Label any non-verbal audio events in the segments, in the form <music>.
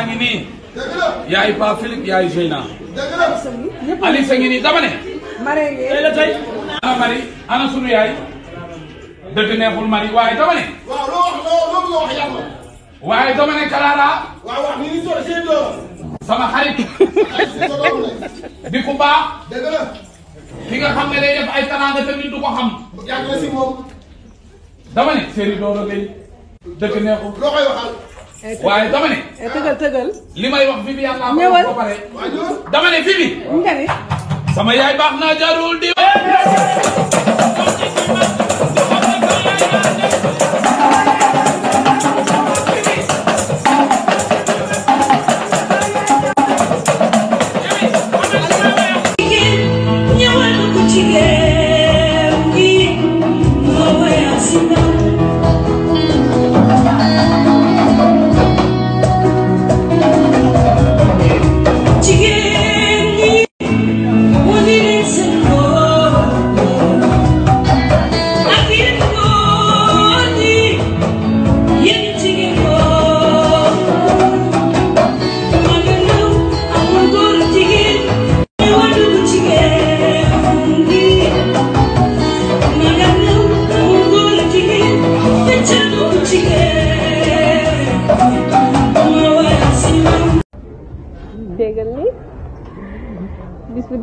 baa ngi nii. yaay Paa Philippe yaay Zeyna. Ali sa ngi nii dama ne. Marie Ngé tey la tey. ana Marie ana sunu yaay. dëgg neexul Marie waaye dama ne. waaw loo wax loo loo wax yàlla. waaye dama ne Kalaara. waaw wax ni ñu toll seen sama xarit. di ku baax. dëgg la. ki nga xam ne day def ay tanaanga tamit du ko xam. yàgg na si moom. dama ne. Serigne Doro Gueye. dëgg neexul loo koy waxal. waaye dama ne. tëgal li may wax fi bi yàlla ñëwal ba pare. fi bi. nga ne. sama yaay baax naa jaarul di.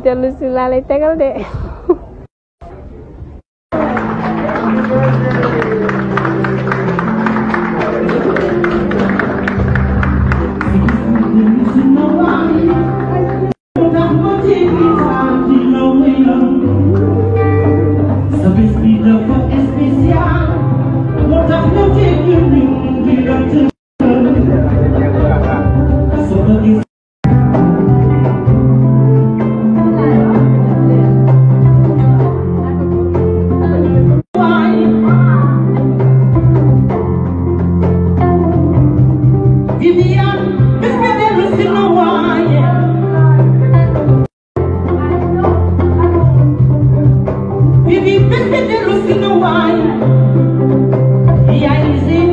dellu si laa lay tegal de <laughs> Тобі без тебе русинування, я й зі.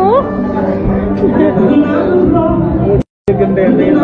mo? Ganda yun.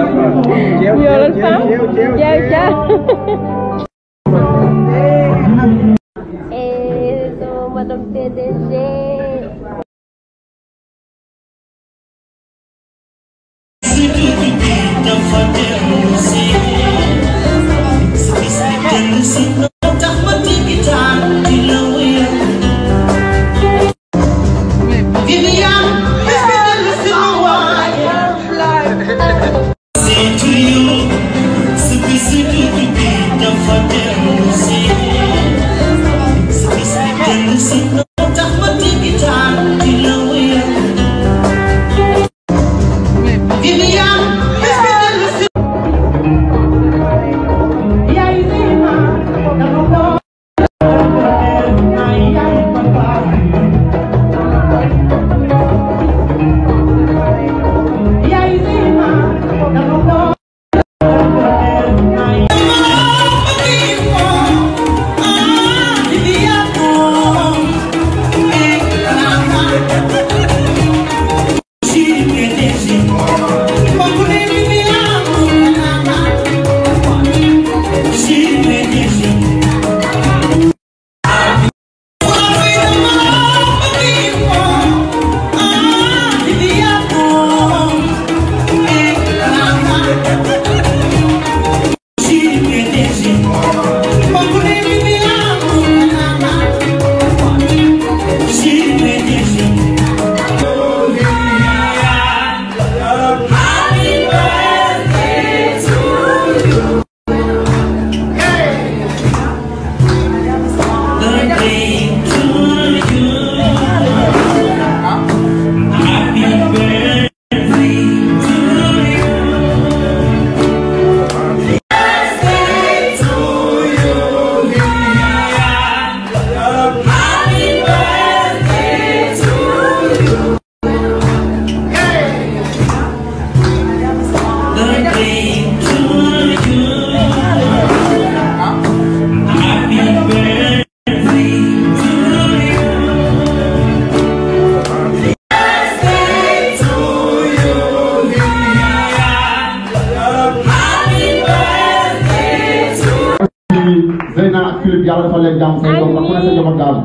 Zeyna ak Philippe yàlla dafa leen jàmm say doom ndax ku ne sa njaboot daal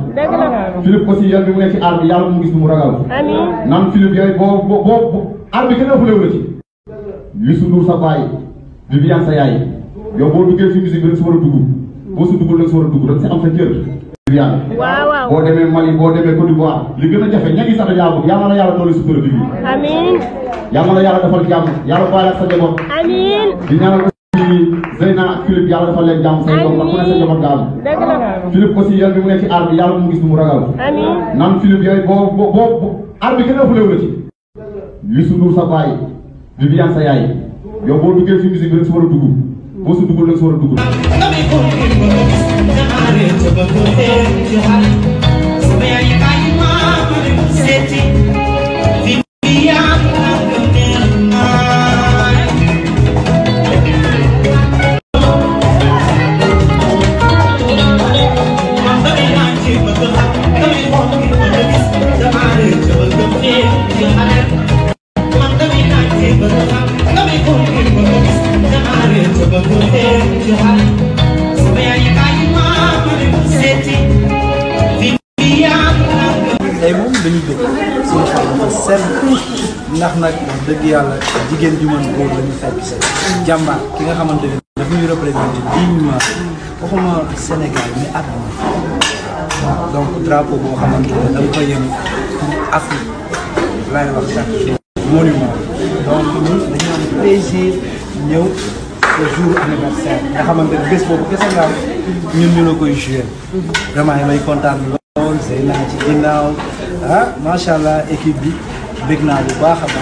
Philippe aussi yàlla bi mu nekk ci aar bi yàlla mu gis mu ragal naan Philippe yooyu boo boo boo aar bi kenn ëppale wu la ci Youssou Ndour sa baay Viviane sa yaay yow boo duggee ci musique bi su war a dugg boo su duggul rek su war a dugg rek si am sa cër Viviane boo demee Mali boo demee Côte li gën a jafe ñagi sax da yàgg yàlla na yàlla doole sutura bi yàlla na yàlla ak sa njaboot di Zeyna ak Philippe yàlla dafa leen jàmm say doom ndax ku ne sa njaboot daal Philippe aussi yàlla bi mu ne ci bi yàlla mu gis bu ragal naan Philippe yooyu boo boo boo aar boo boo si duggul rek si war a tey moom dañuy bëgg suñu xol dafa sell ndax nag wax dëgg yàlla jigéen ju mën góor la ki nga xamante ne daf donc drapeau boo xamante ne danga koy yem laay wax monument donc ñun dañu am plaisir ñëw le jour anniversaire nga xamante ne bés boobu kese nga ñun may kontaan lool ah, macha allah équipe bi bég naa bu baax a baax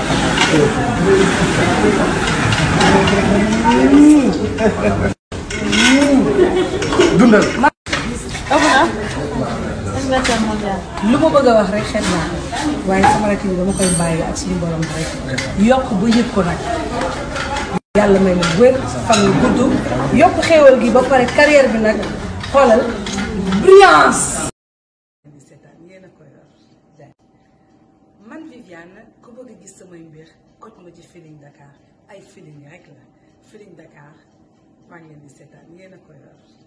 dundal. lu ma bëgg wax rek xet naa waaye sama rakk dama koy bàyyi ak suñu yokk ba yëg ko nag. yàlla may ma wér fan yu gudd yokk xéewal gi ba pare carrière bi nag xoolal brillance man Viviane ku bëgg gis samay mbir kot ma ci Feeling Dakar ay Feeling rek la Feeling Dakar maa ngi leen di seetaan ko yor